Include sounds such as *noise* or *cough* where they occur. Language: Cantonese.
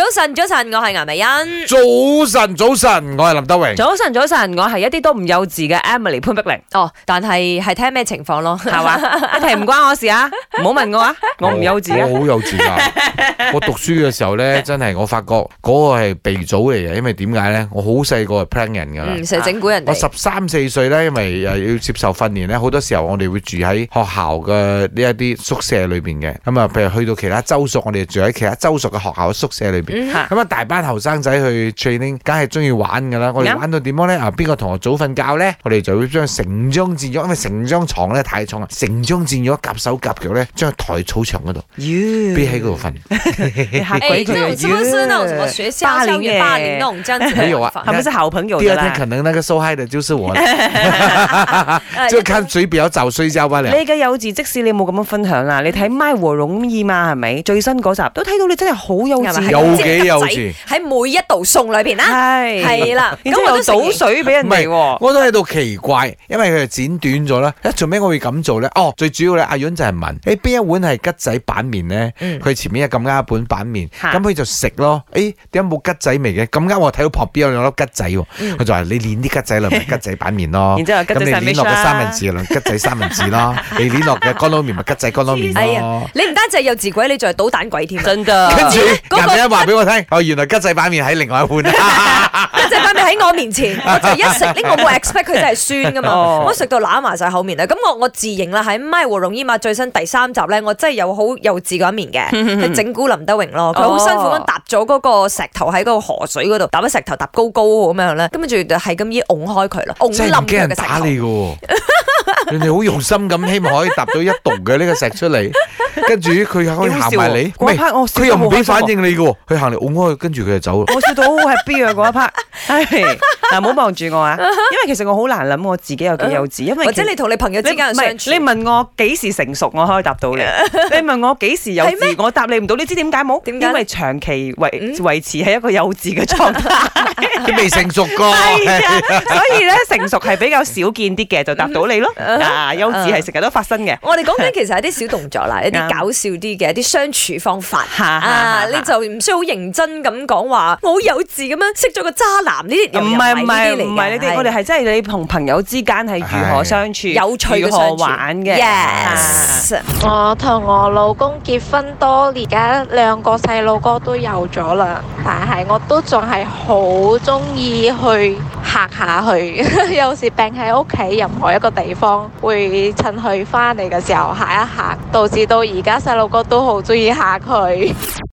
早晨，早晨，我係顏美欣。早晨，早晨，我係林德榮。早晨，早晨，我係一啲都唔幼稚嘅 Emily 潘碧玲。哦，但係係睇咩情況咯，係 *laughs* 嘛？一題唔關我事啊，唔 *laughs* 好問我啊，我唔幼稚啊。我好幼稚啊！我，我，的我讀書嘅時候咧， *laughs* 真係我發覺嗰個係鼻祖嚟嘅，因為點解咧？我好細個係 plan 人噶啦，成日整蠱人，我十三四歲咧，因為又要接受訓練咧，好多時候我哋會住喺學校嘅呢一啲宿舍裏邊嘅。咁啊，譬如去到其他州屬，我哋住喺其他州屬嘅學校嘅宿舍裏面。咁、嗯、啊，大班後生仔去 training，梗係中意玩噶啦。我哋玩到點樣咧？啊，邊個同學早瞓覺咧？我哋就會將成張戰褥，因為成張床咧太重啦，成張戰褥夾手夾腳咧，將喺台草場嗰度，瞓喺嗰度瞓。哎，即係似唔似，、欸、那，你是不是那種學校、校園霸凌嗰種真？沒有啊，佢哋係好朋友。第二天可能那個受、so、害的就是我啦， *laughs* *laughs* *laughs* 就看誰比較早睡覺罷了。 *laughs* 你嘅幼稚，即使你冇咁樣分享啦，你睇 My 和容易嘛係咪？最新嗰集都睇到你真係好幼稚。是幾幼稚喺每一道餸裏邊啦，係係啦，咁又倒水俾人哋喎。我都喺度奇怪，因為佢哋剪短咗啦。什麼我會這樣做咩我會咁做咧？哦，最主要咧，阿楊就係問：誒、欸、邊一碗係桔仔板麵咧？佢、嗯、前面又咁啱一碗板麵，咁、嗯、佢就食咯。誒、欸，點解冇桔仔味嘅？咁啱我睇到旁邊有兩粒桔仔喎。佢、嗯、就話：你攣啲桔仔咪桔仔板麵咯。 *laughs* 然後之後你攣落嘅三文治啊，桔仔三文治 *laughs* 咯。你攣落嘅乾撈麵咪桔仔乾撈麵咯。 *laughs* *laughs* 你唔單隻幼稚鬼， *laughs* 你仲係倒蛋鬼添，真㗎。跟 *laughs* 住、哎話俾我聽哦，原來吉仔板面喺另外一半， *laughs* 吉仔板面喺我面前，我就一食呢，我冇 expect 佢真係酸噶嘛，oh. 我食到攬埋晒口面啦。咁我我自認啦，喺《咪和龍姨媽》最新第三集咧，我真係有好幼稚嗰一面嘅， *laughs* 整蠱林德榮咯。佢好辛苦咁搭咗嗰個石頭喺嗰個河水嗰度，搭咗石頭搭高高咁樣咧，跟住就係咁意拱開佢咯，掹冧嗰個石頭，打你嘅喎，人 *laughs* 哋好用心咁，希望可以揼到一棟嘅呢個石出嚟。跟住佢可以行埋你，佢又唔俾反應你嘅，佢行嚟擁開，跟住佢就走啦。我笑到係邊啊嗰一 part？嗱，唔好望住我啊，因為其實我好難諗我自己有幾幼稚，因為或者你同你朋友之間相處，你問我幾時成熟，我可以答到你。你問我幾時幼稚，我答你唔到。你知點解冇？點解？因為長期維維持係一個幼稚嘅狀態，佢未成熟過，所以咧成熟係比較少見啲嘅，就答到你咯。啊，幼稚係成日都發生嘅。我哋講緊其實係啲小動作啦，一啲。搞笑啲嘅一啲相處方法 *laughs* 啊， *laughs* 你就唔需要好認真咁講話， *laughs* 我好幼稚咁樣識咗個渣男呢啲，又唔係呢啲嚟。唔係唔係唔係，唔係呢啲，我哋係真係你同朋友之間係如何相處，有趣何玩嘅。Yes，啊、我同我老公結婚多年，而家兩個細路哥都有咗啦，但係我都仲係好中意去。嚇下去，有時病喺屋企，任何一個地方，會趁佢翻嚟嘅時候嚇一嚇，導致到而家細路哥都好中意嚇佢。